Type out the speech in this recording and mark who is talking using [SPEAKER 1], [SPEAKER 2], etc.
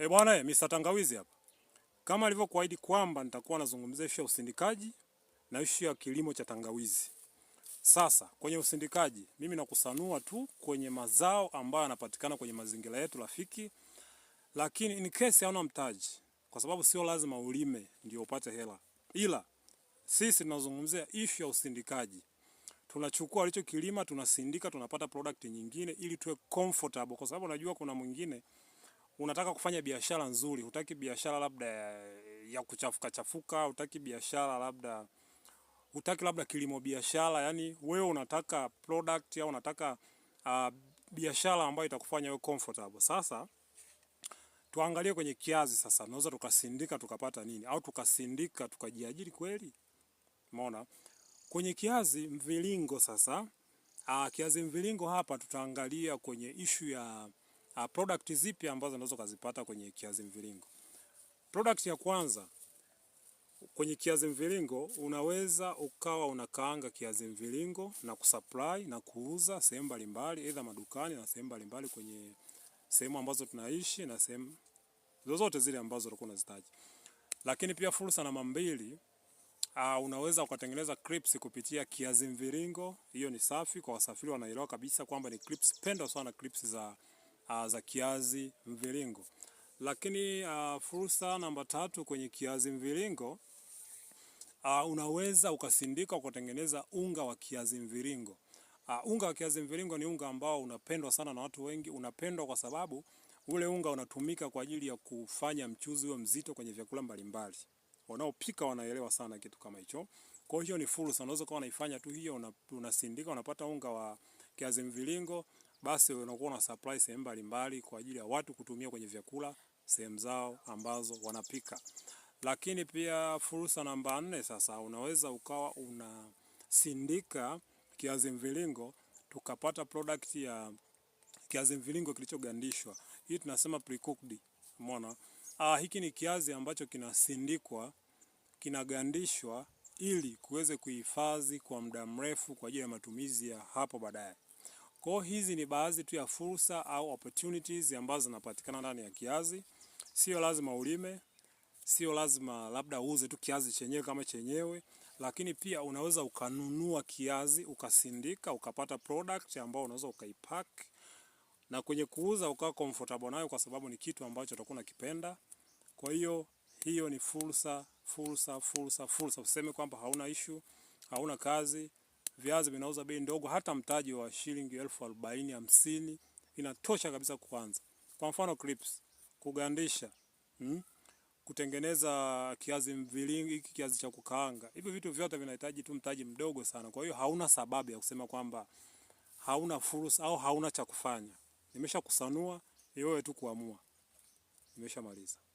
[SPEAKER 1] E bwana, eh, Mr. Tangawizi hapa. Kama alivyokuahidi kwamba nitakuwa nazungumzia ishu ya usindikaji na ishu ya kilimo cha tangawizi. Sasa kwenye usindikaji, mimi nakusanua tu kwenye mazao ambayo yanapatikana kwenye mazingira yetu rafiki, lakini in case hauna mtaji, kwa sababu sio lazima ulime ndio upate hela, ila sisi tunazungumzia ishu ya usindikaji. Tunachukua alicho kilima, tunasindika, tunapata product nyingine ili tuwe comfortable, kwa sababu najua kuna mwingine unataka kufanya biashara nzuri, hutaki biashara labda ya kuchafuka chafuka, hutaki biashara labda hutaki labda kilimo biashara, yani wewe unataka product au unataka uh, biashara ambayo itakufanya wewe comfortable. Sasa tuangalie kwenye kiazi sasa, naweza tukasindika tukapata nini, au tukasindika tukajiajiri kweli? Umeona kwenye kiazi mviringo sasa. Uh, kiazi mviringo hapa tutaangalia kwenye ishu ya uh, product zipi ambazo unaweza kuzipata kwenye kiazi mviringo. Product ya kwanza kwenye kiazi mviringo unaweza ukawa unakaanga kiazi mviringo na kusupply na kuuza sehemu mbalimbali, aidha madukani na sehemu mbalimbali kwenye sehemu ambazo tunaishi na sehemu zozote zile ambazo ulikuwa unazitaji. Lakini pia fursa namba mbili, uh, unaweza ukatengeneza clips kupitia kiazi mviringo. Hiyo ni safi kwa wasafiri, wanaelewa kabisa kwamba ni clips pendwa sana, clips za uh, za kiazi mviringo. Lakini uh, fursa namba tatu kwenye kiazi mviringo uh, unaweza ukasindika ukatengeneza unga wa kiazi mviringo. Uh, unga wa kiazi mviringo ni unga ambao unapendwa sana na watu wengi, unapendwa kwa sababu ule unga unatumika kwa ajili ya kufanya mchuzi huo mzito kwenye vyakula mbalimbali. Wanaopika wanaelewa sana kitu kama hicho. Kwa hiyo ni fursa, unaweza kuwa unaifanya tu hiyo, unasindika, unapata unga wa kiazi mviringo basi unakuwa una supply sehemu mbalimbali kwa ajili ya watu kutumia kwenye vyakula sehemu zao ambazo wanapika. Lakini pia fursa namba nne, sasa unaweza ukawa unasindika kiazi mviringo tukapata product ya kiazi mviringo kilichogandishwa. Hii tunasema pre-cooked. Umeona? Ah, hiki ni kiazi ambacho kinasindikwa, kinagandishwa ili kuweze kuhifadhi kwa muda mrefu kwa ajili ya matumizi ya hapo baadaye. Kwa hiyo hizi ni baadhi tu ya fursa au opportunities ambazo zinapatikana ndani ya kiazi. Sio lazima ulime, sio lazima labda uuze tu kiazi chenyewe kama chenyewe, lakini pia unaweza ukanunua kiazi ukasindika, ukapata product ambayo unaweza ukaipack na kwenye kuuza ukawa comfortable nayo, kwa sababu ni kitu ambacho utakuwa unakipenda. Kwa hiyo hiyo ni fursa, fursa, fursa, fursa. Useme kwamba hauna issue, hauna kazi viazi vinauza bei ndogo, hata mtaji wa shilingi elfu arobaini hamsini inatosha kabisa kuanza. Kwa mfano clips, kugandisha hmm? kutengeneza kiazi mviringo, hiki kiazi cha kukaanga, hivi vitu vyote vinahitaji tu mtaji mdogo sana. Kwa hiyo hauna sababu ya kusema kwamba hauna fursa au hauna cha kufanya. Nimeshakusanua, ni wewe tu kuamua. Nimeshamaliza.